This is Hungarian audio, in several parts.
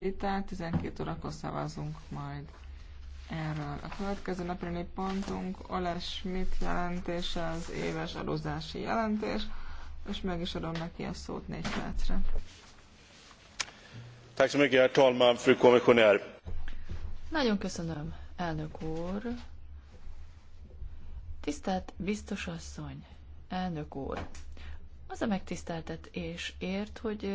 vitát, 12 órakor szavazunk majd erről. A következő napi pontunk Oles Schmidt jelentése, az éves adózási jelentés, és meg is adom neki a szót négy percre. Nagyon köszönöm, elnök úr. Tisztelt biztos asszony, elnök úr. Az a megtiszteltet és ért, hogy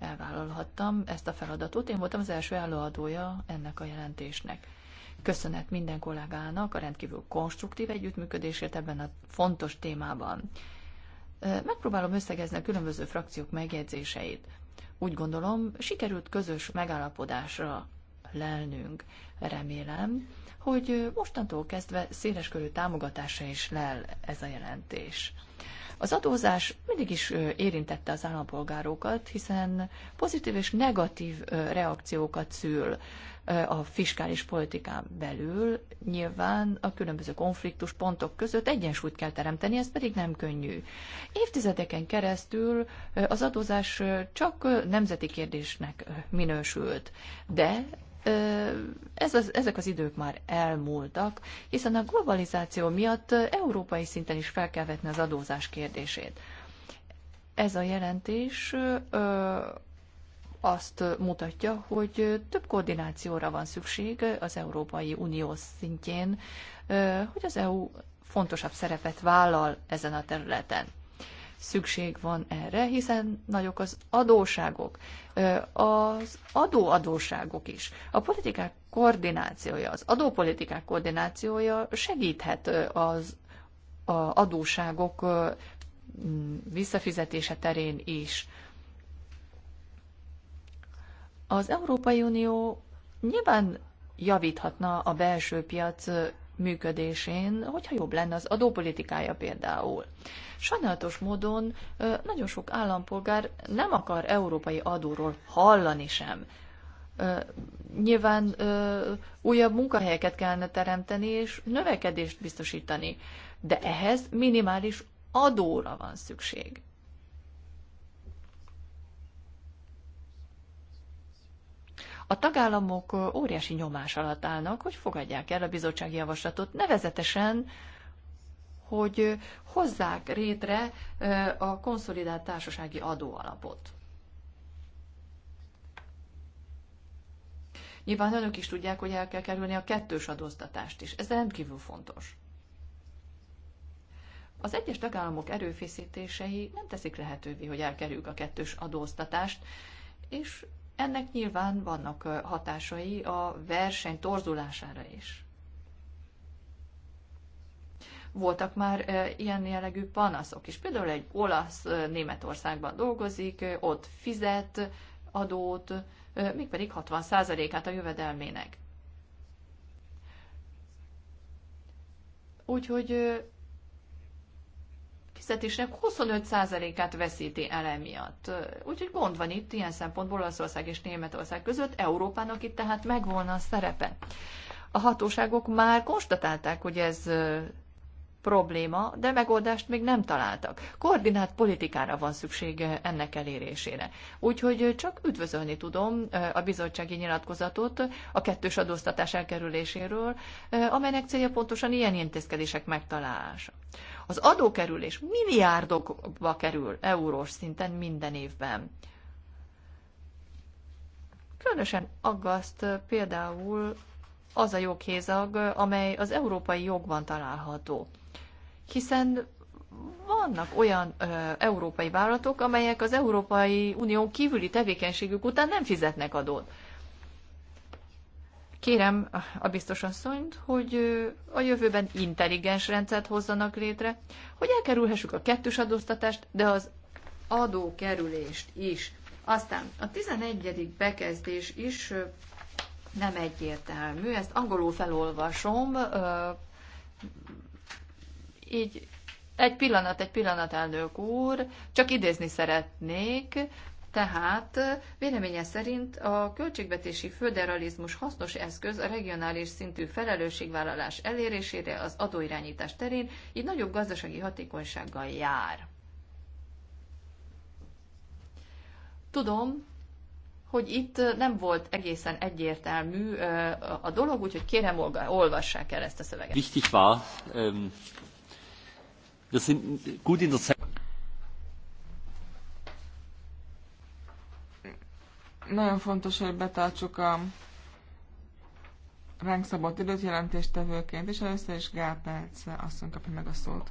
elvállalhattam ezt a feladatot. Én voltam az első előadója ennek a jelentésnek. Köszönet minden kollégának a rendkívül konstruktív együttműködésért ebben a fontos témában. Megpróbálom összegezni a különböző frakciók megjegyzéseit. Úgy gondolom, sikerült közös megállapodásra lelnünk. Remélem, hogy mostantól kezdve körű támogatása is lel ez a jelentés. Az adózás mindig is érintette az állampolgárokat, hiszen pozitív és negatív reakciókat szül a fiskális politikán belül. Nyilván a különböző konfliktus pontok között egyensúlyt kell teremteni, ez pedig nem könnyű. Évtizedeken keresztül az adózás csak nemzeti kérdésnek minősült, de ez az, ezek az idők már elmúltak, hiszen a globalizáció miatt európai szinten is fel kell vetni az adózás kérdését. Ez a jelentés azt mutatja, hogy több koordinációra van szükség az Európai Unió szintjén, hogy az EU fontosabb szerepet vállal ezen a területen szükség van erre, hiszen nagyok az adóságok, az adóadóságok is. A politikák koordinációja, az adópolitikák koordinációja segíthet az adóságok visszafizetése terén is. Az Európai Unió nyilván javíthatna a belső piac működésén, hogyha jobb lenne az adópolitikája például. Sajnálatos módon nagyon sok állampolgár nem akar európai adóról hallani sem. Nyilván újabb munkahelyeket kellene teremteni és növekedést biztosítani, de ehhez minimális adóra van szükség. A tagállamok óriási nyomás alatt állnak, hogy fogadják el a bizottsági javaslatot, nevezetesen, hogy hozzák rétre a konszolidált társasági adóalapot. Nyilván önök is tudják, hogy el kell kerülni a kettős adóztatást is. Ez rendkívül fontos. Az egyes tagállamok erőfészítései nem teszik lehetővé, hogy elkerüljük a kettős adóztatást, és ennek nyilván vannak hatásai a verseny torzulására is. Voltak már ilyen jellegű panaszok is. Például egy olasz Németországban dolgozik, ott fizet adót, mégpedig 60%-át a jövedelmének. Úgyhogy fizetésnek 25%-át veszíti el emiatt. Úgyhogy gond van itt ilyen szempontból Olaszország és Németország között, Európának itt tehát megvolna a szerepe. A hatóságok már konstatálták, hogy ez probléma, de megoldást még nem találtak. Koordinált politikára van szüksége eh, ennek elérésére. Úgyhogy eh, csak üdvözölni tudom eh, a bizottsági nyilatkozatot a kettős adóztatás elkerüléséről, amelynek célja pontosan ilyen intézkedések megtalálása. Az adókerülés milliárdokba kerül eurós szinten minden évben. Különösen aggaszt például az a joghézag, amely az európai jogban található. Hiszen vannak olyan ö, európai vállalatok, amelyek az Európai Unió kívüli tevékenységük után nem fizetnek adót. Kérem a biztos asszonyt, hogy a jövőben intelligens rendszert hozzanak létre, hogy elkerülhessük a kettős adóztatást, de az adókerülést is. Aztán a 11. bekezdés is nem egyértelmű. Ezt angolul felolvasom, így egy pillanat, egy pillanat, elnök úr, csak idézni szeretnék, tehát véleménye szerint a költségvetési föderalizmus hasznos eszköz a regionális szintű felelősségvállalás elérésére az adóirányítás terén, így nagyobb gazdasági hatékonysággal jár. Tudom, hogy itt nem volt egészen egyértelmű a dolog, úgyhogy kérem, olvassák el ezt a szöveget. Wichtig war, das ähm, wir sind gut in der Zeit. Nagyon fontos, hogy betartsuk a ránk szabott időt jelentéstevőként, és először is Gál Perc asszony kapja meg a szót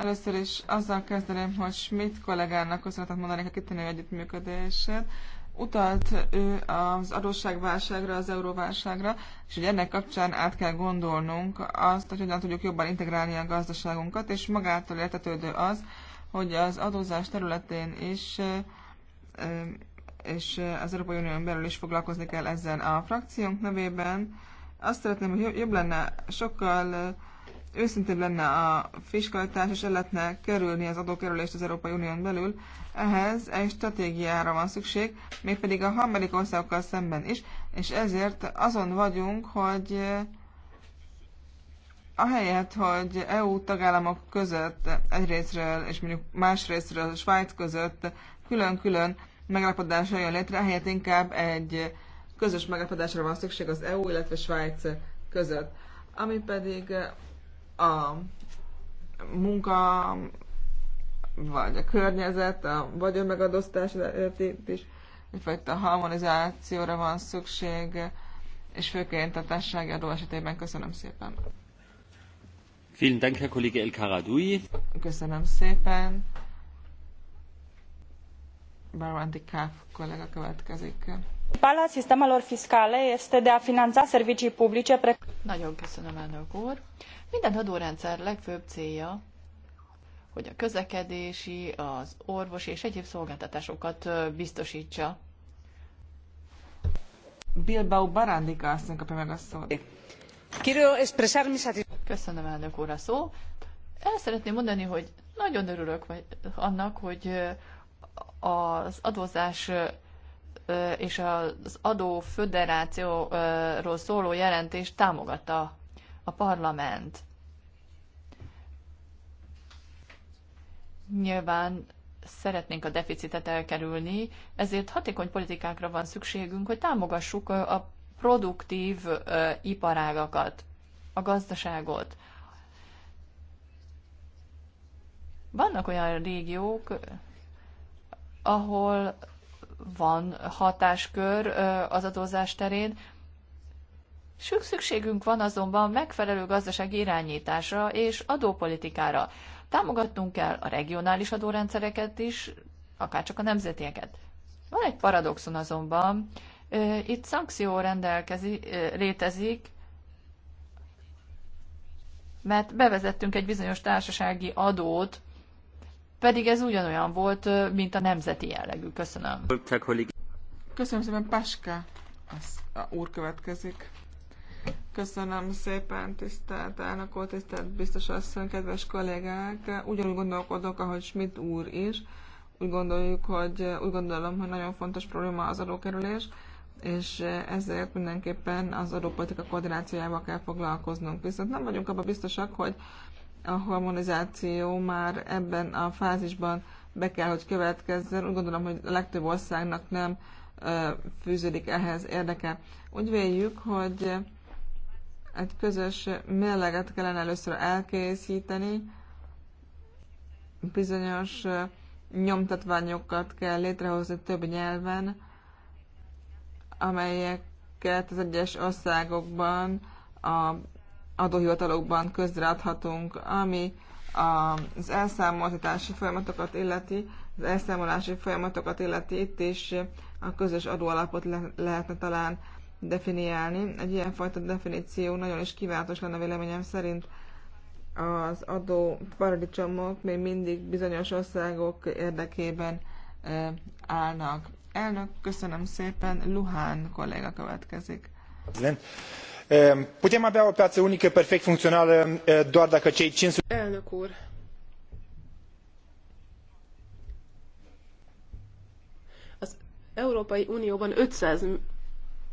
Először is azzal kezdeném, hogy Schmidt kollégának köszönhetek mondani, a kitűnő együttműködését. Utalt ő az adósságválságra, az euróválságra, és hogy ennek kapcsán át kell gondolnunk azt, hogy hogyan tudjuk jobban integrálni a gazdaságunkat, és magától értetődő az, hogy az adózás területén is és az Európai Unión belül is foglalkozni kell ezzel a frakciónk nevében. Azt szeretném, hogy jobb lenne sokkal őszintén lenne a fiskalitás, és el lehetne kerülni az adókerülést az Európai Unión belül, ehhez egy stratégiára van szükség, mégpedig a harmadik országokkal szemben is, és ezért azon vagyunk, hogy eh, ahelyett, hogy EU tagállamok között egy részről, és mondjuk más részről Svájc között külön-külön megállapodásra jön létre, ahelyett inkább egy közös megállapodásra van szükség az EU, illetve Svájc között. Ami pedig a munka, vagy a környezet, a vagyonmegadóztás is egyfajta harmonizációra van szükség, és főként a társasági adó esetében. Köszönöm szépen. Vielen Dank, Herr Kollege El Karadui. Köszönöm szépen. Barwanti Káv, kollega következik. Principala sistemelor fiscale este de a finanța servicii publice nagyon köszönöm, elnök úr. Minden adórendszer legfőbb célja, hogy a közlekedési, az orvosi és egyéb szolgáltatásokat biztosítsa. Bilbao Barándika azt kapja meg a szót. Köszönöm, elnök úr, a szó. El szeretném mondani, hogy nagyon örülök annak, hogy az adózás és az adó föderációról szóló jelentést támogatta a parlament. Nyilván szeretnénk a deficitet elkerülni, ezért hatékony politikákra van szükségünk, hogy támogassuk a produktív iparágakat, a gazdaságot. Vannak olyan régiók, ahol van hatáskör az adózás terén. Sok szükségünk van azonban megfelelő gazdasági irányításra és adópolitikára. Támogatnunk kell a regionális adórendszereket is, akárcsak a nemzetieket. Van egy paradoxon azonban, itt szankció rendelkezi, létezik, mert bevezettünk egy bizonyos társasági adót, pedig ez ugyanolyan volt, mint a nemzeti jellegű. Köszönöm. Köszönöm szépen, Paska. Az úr következik. Köszönöm szépen, tisztelt elnök úr, tisztelt biztos asszony, kedves kollégák. Ugyanúgy gondolkodok, ahogy Schmidt úr is. Úgy gondoljuk, hogy úgy gondolom, hogy nagyon fontos probléma az adókerülés, és ezért mindenképpen az adópolitika koordinációjával kell foglalkoznunk. Viszont nem vagyunk abban biztosak, hogy a harmonizáció már ebben a fázisban be kell, hogy következzen. Úgy gondolom, hogy a legtöbb országnak nem fűződik ehhez érdeke. Úgy véljük, hogy egy közös mérleget kellene először elkészíteni, bizonyos nyomtatványokat kell létrehozni több nyelven, amelyeket az egyes országokban a adóhivatalokban közreadhatunk, ami az elszámoltatási folyamatokat illeti, az elszámolási folyamatokat illeti, itt is a közös adóalapot le- lehetne talán definiálni. Egy ilyenfajta definíció nagyon is kívánatos lenne véleményem szerint az adó paradicsomok még mindig bizonyos országok érdekében eh, állnak. Elnök, köszönöm szépen, Luhán kolléga következik. Putem avea o piaă unică perfect funcională doar dacă cei 500... Elnök Európai Unióban 500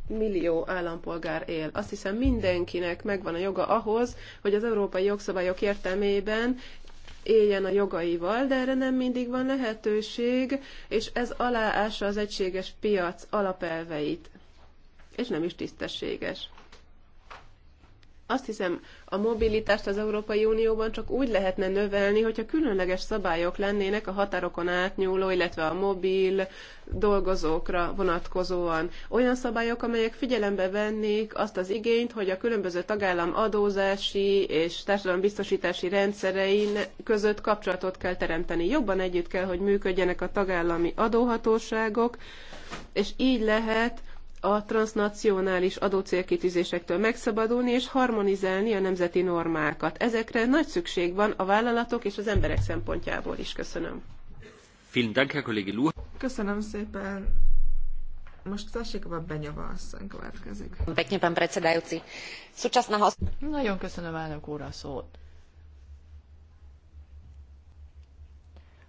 millió állampolgár él. Azt hiszem mindenkinek megvan a joga ahhoz, hogy az európai jogszabályok értelmében éljen a jogaival, de erre nem mindig van lehetőség, és ez aláássa az egységes piac alapelveit és nem is tisztességes. Azt hiszem, a mobilitást az Európai Unióban csak úgy lehetne növelni, hogyha különleges szabályok lennének a határokon átnyúló, illetve a mobil dolgozókra vonatkozóan. Olyan szabályok, amelyek figyelembe vennék azt az igényt, hogy a különböző tagállam adózási és társadalombiztosítási rendszerei között kapcsolatot kell teremteni. Jobban együtt kell, hogy működjenek a tagállami adóhatóságok, és így lehet a transnacionális adócélkitűzésektől megszabadulni és harmonizálni a nemzeti normákat. Ezekre nagy szükség van a vállalatok és az emberek szempontjából is. Köszönöm. Köszönöm szépen. Most Zasikova Benyava asszony következik. Pekne, pán predsedajúci. Súčasná Nagyon köszönöm, elnök úr, a szót.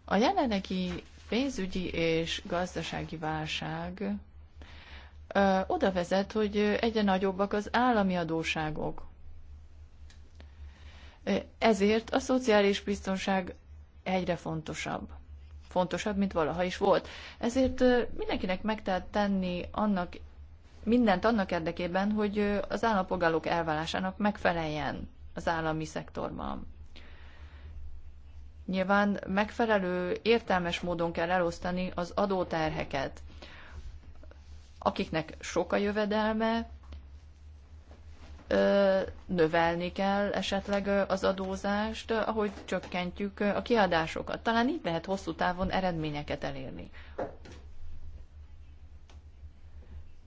A jelenlegi pénzügyi és gazdasági válság oda vezet, hogy egyre nagyobbak az állami adóságok. Ezért a szociális biztonság egyre fontosabb. Fontosabb, mint valaha is volt. Ezért mindenkinek meg kell tenni annak, mindent annak érdekében, hogy az állampolgárok elvárásának megfeleljen az állami szektorban. Nyilván megfelelő, értelmes módon kell elosztani az adóterheket akiknek sok a jövedelme, növelni kell esetleg az adózást, ahogy csökkentjük a kiadásokat. Talán így lehet hosszú távon eredményeket elérni.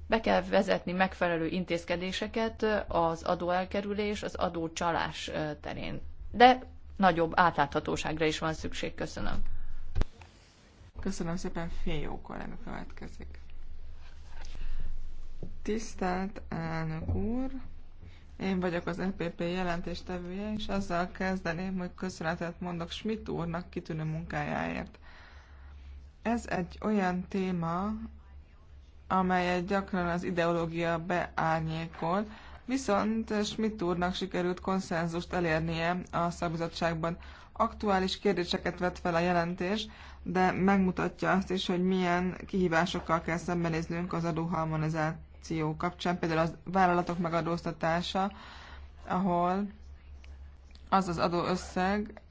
Be kell vezetni megfelelő intézkedéseket az adóelkerülés, az adócsalás terén. De nagyobb átláthatóságra is van szükség. Köszönöm. Köszönöm szépen, Féjó kollega következik. Tisztelt elnök úr! Én vagyok az EPP jelentéstevője, és azzal kezdeném, hogy köszönetet mondok Schmidt úrnak kitűnő munkájáért. Ez egy olyan téma, amelyet gyakran az ideológia beárnyékol, viszont Schmidt úrnak sikerült konszenzust elérnie a szabizottságban. Aktuális kérdéseket vett fel a jelentés, de megmutatja azt is, hogy milyen kihívásokkal kell szembenéznünk az adóharmonizációt korrupció kapcsán, például a vállalatok megadóztatása, ahol az az adóösszeg,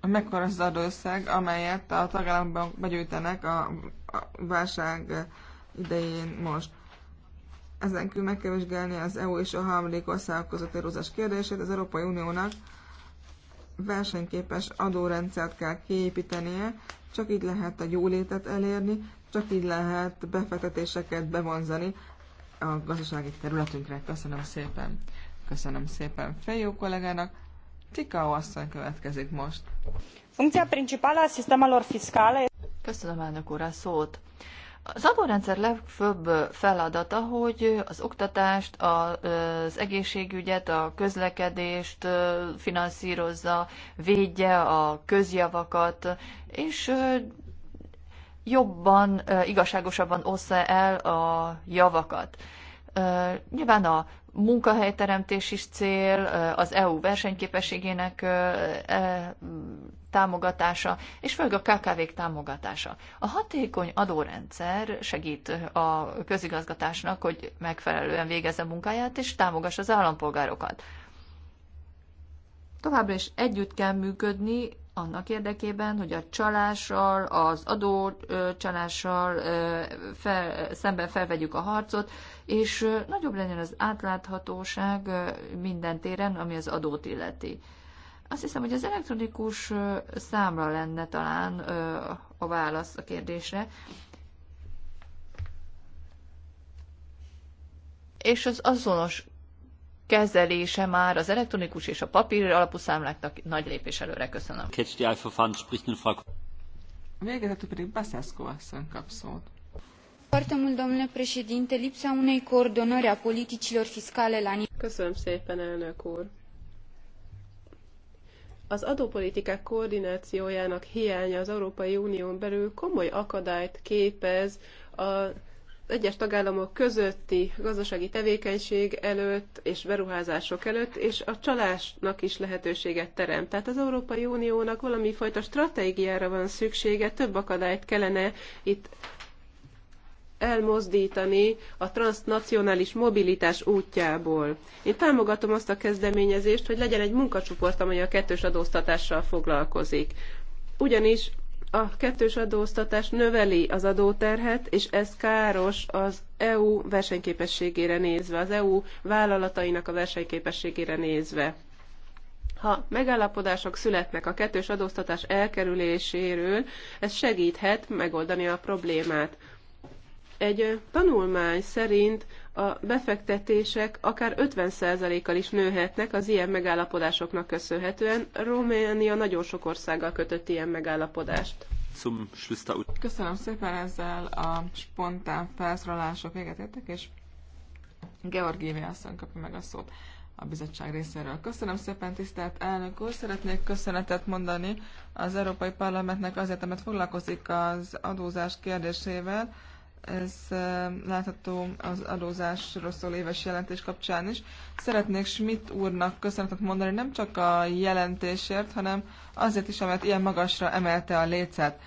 mekkora az adóösszeg, amelyet a tagállamban begyűjtenek a, válság idején most. Ezen kívül meg kell vizsgálni az EU és a harmadik országok között érózás kérdését. Az Európai Uniónak versenyképes adórendszert kell kiépítenie, csak így lehet a jólétet elérni, csak így lehet befektetéseket bevonzani a gazdasági területünkre. Köszönöm szépen. Köszönöm szépen Fejó kollégának. tika asszony következik most. Funkcia principală a sistemelor fiscale. Köszönöm elnök úr a szót. Az adórendszer legfőbb feladata, hogy az oktatást, az egészségügyet, a közlekedést finanszírozza, védje a közjavakat, és jobban, igazságosabban ossza el a javakat. Nyilván a munkahelyteremtés is cél, az EU versenyképességének e, támogatása, és főleg a KKV-k támogatása. A hatékony adórendszer segít a közigazgatásnak, hogy megfelelően végezze munkáját, és támogassa az állampolgárokat. Továbbra is együtt kell működni annak érdekében, hogy a csalással, az adócsalással fel, szemben felvegyük a harcot, és nagyobb legyen az átláthatóság minden téren, ami az adót illeti. Azt hiszem, hogy az elektronikus számla lenne talán a válasz a kérdésre. És az azonos kezelése már az elektronikus és a papír alapú számláknak nagy lépés előre. Köszönöm. Végezetül pedig Baszeszko asszony kap szót. a Köszönöm szépen, elnök úr. Az adópolitikák koordinációjának hiánya az Európai Unión belül komoly akadályt képez a egyes tagállamok közötti gazdasági tevékenység előtt és beruházások előtt, és a csalásnak is lehetőséget teremt. Tehát az Európai Uniónak valami fajta stratégiára van szüksége, több akadályt kellene itt elmozdítani a transnacionális mobilitás útjából. Én támogatom azt a kezdeményezést, hogy legyen egy munkacsoport, amely a kettős adóztatással foglalkozik. Ugyanis a kettős adóztatás növeli az adóterhet, és ez káros az EU versenyképességére nézve, az EU vállalatainak a versenyképességére nézve. Ha megállapodások születnek a kettős adóztatás elkerüléséről, ez segíthet megoldani a problémát. Egy tanulmány szerint a befektetések akár 50%-kal is nőhetnek az ilyen megállapodásoknak köszönhetően. Románia nagyon sok országgal kötött ilyen megállapodást. Köszönöm szépen ezzel a spontán felszólalások véget értek, és Georgi asszony kapja meg a szót a bizottság részéről. Köszönöm szépen, tisztelt elnök úr! Szeretnék köszönetet mondani az Európai Parlamentnek azért, amit foglalkozik az adózás kérdésével, ez látható az adózásról szól éves jelentés kapcsán is. Szeretnék Schmidt úrnak köszönetet mondani nem csak a jelentésért, hanem azért is, amelyet ilyen magasra emelte a lécet.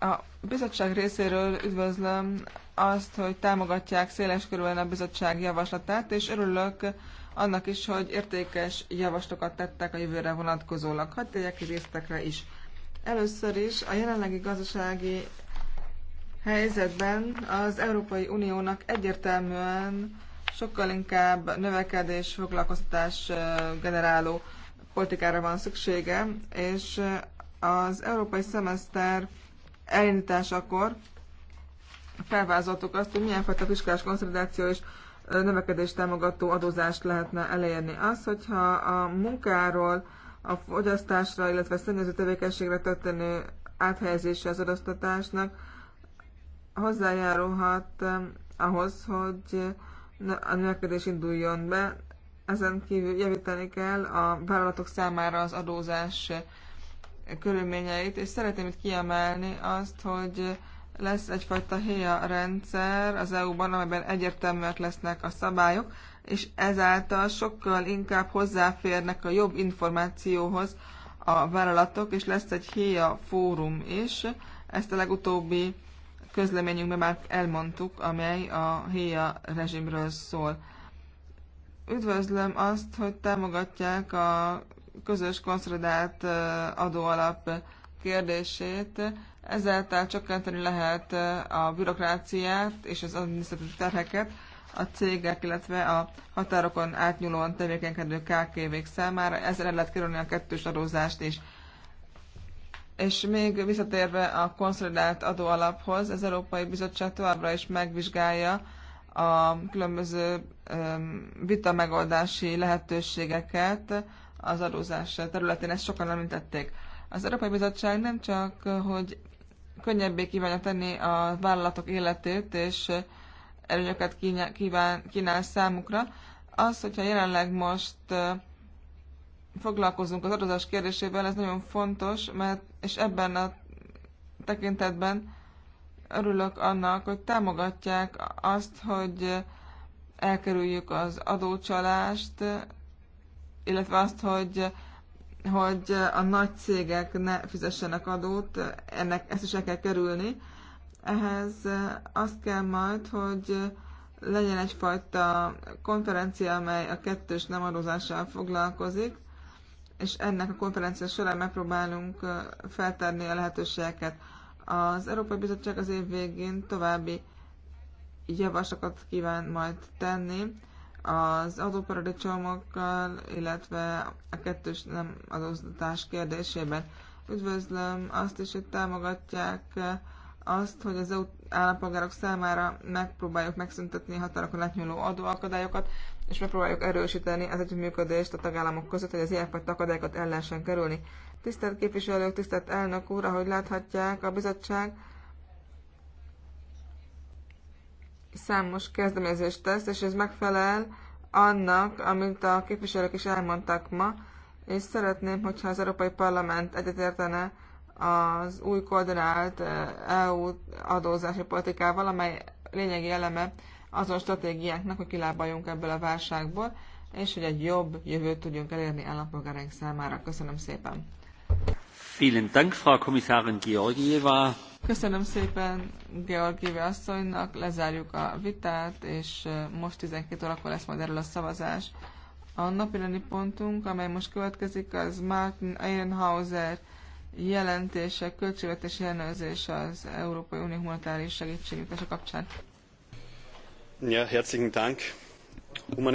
A bizottság részéről üdvözlöm azt, hogy támogatják széles körülön a bizottság javaslatát, és örülök annak is, hogy értékes javaslatokat tettek a jövőre vonatkozólag. Hadd tegyek részekre is. Először is a jelenlegi gazdasági helyzetben az Európai Uniónak egyértelműen sokkal inkább növekedés, foglalkoztatás generáló politikára van szüksége, és az európai szemeszter elindításakor felvázoltuk azt, hogy milyen fajta fiskális konszolidáció és növekedés támogató adózást lehetne elérni. Az, hogyha a munkáról, a fogyasztásra, illetve szennyező tevékenységre történő áthelyezése az adóztatásnak, hozzájárulhat ahhoz, hogy a növekedés induljon be. Ezen kívül javítani kell a vállalatok számára az adózás körülményeit, és szeretném itt kiemelni azt, hogy lesz egyfajta héja rendszer az EU-ban, amelyben egyértelműek lesznek a szabályok, és ezáltal sokkal inkább hozzáférnek a jobb információhoz a vállalatok, és lesz egy héja fórum is. Ezt a legutóbbi közleményünkben már elmondtuk, amely a héja rezsimről szól. Üdvözlöm azt, hogy támogatják a közös konszolidált adóalap kérdését. Ezáltal csökkenteni lehet a bürokráciát és az adminisztratív terheket a cégek, illetve a határokon átnyúlóan tevékenykedő KKV-k számára. Ezzel lehet kerülni a kettős adózást is. És még visszatérve a konszolidált adóalaphoz, az Európai Bizottság továbbra is megvizsgálja a különböző vita megoldási lehetőségeket az adózás területén. Ezt sokan említették. Az Európai Bizottság nem csak, hogy könnyebbé kívánja tenni a vállalatok életét, és előnyöket kínál, kínál számukra, az, hogyha jelenleg most foglalkozunk az adózás kérdésével, ez nagyon fontos, mert és ebben a tekintetben örülök annak, hogy támogatják azt, hogy elkerüljük az adócsalást, illetve azt, hogy hogy a nagy cégek ne fizessenek adót, ennek ezt is el kell kerülni. Ehhez azt kell majd, hogy legyen egyfajta konferencia, amely a kettős nem adózással foglalkozik, és ennek a konferencia során megpróbálunk feltárni a lehetőségeket. Az Európai Bizottság az év végén további javaslatokat kíván majd tenni az adóparadicsomokkal, illetve a kettős nem adóztatás kérdésében. Üdvözlöm azt is, hogy támogatják azt, hogy az EU állampolgárok számára megpróbáljuk megszüntetni határokon átnyúló adóakadályokat, és megpróbáljuk erősíteni az együttműködést a tagállamok között, hogy az ilyenfajta akadályokat el lehessen kerülni. Tisztelt képviselők, tisztelt elnök úr, ahogy láthatják, a bizottság számos kezdeményezést tesz, és ez megfelel annak, amit a képviselők is elmondtak ma, és szeretném, hogyha az Európai Parlament egyetértene az új koordinált EU adózási politikával, amely lényegi eleme azon stratégiáknak, hogy kilábaljunk ebből a válságból, és hogy egy jobb jövőt tudjunk elérni állampolgáraink számára. Köszönöm szépen! Vielen Dank, Frau Kommissarin Georgieva. Köszönöm szépen Georgieva asszonynak, lezárjuk a vitát, és most 12 órakor lesz majd erről a szavazás. A napi pontunk, amely most következik, az Martin Ehrenhauser jelentések, költségvetési ellenőrzés az Európai Unió humanitárius segítségnyújtása kapcsán. Ja, herzlichen Dank.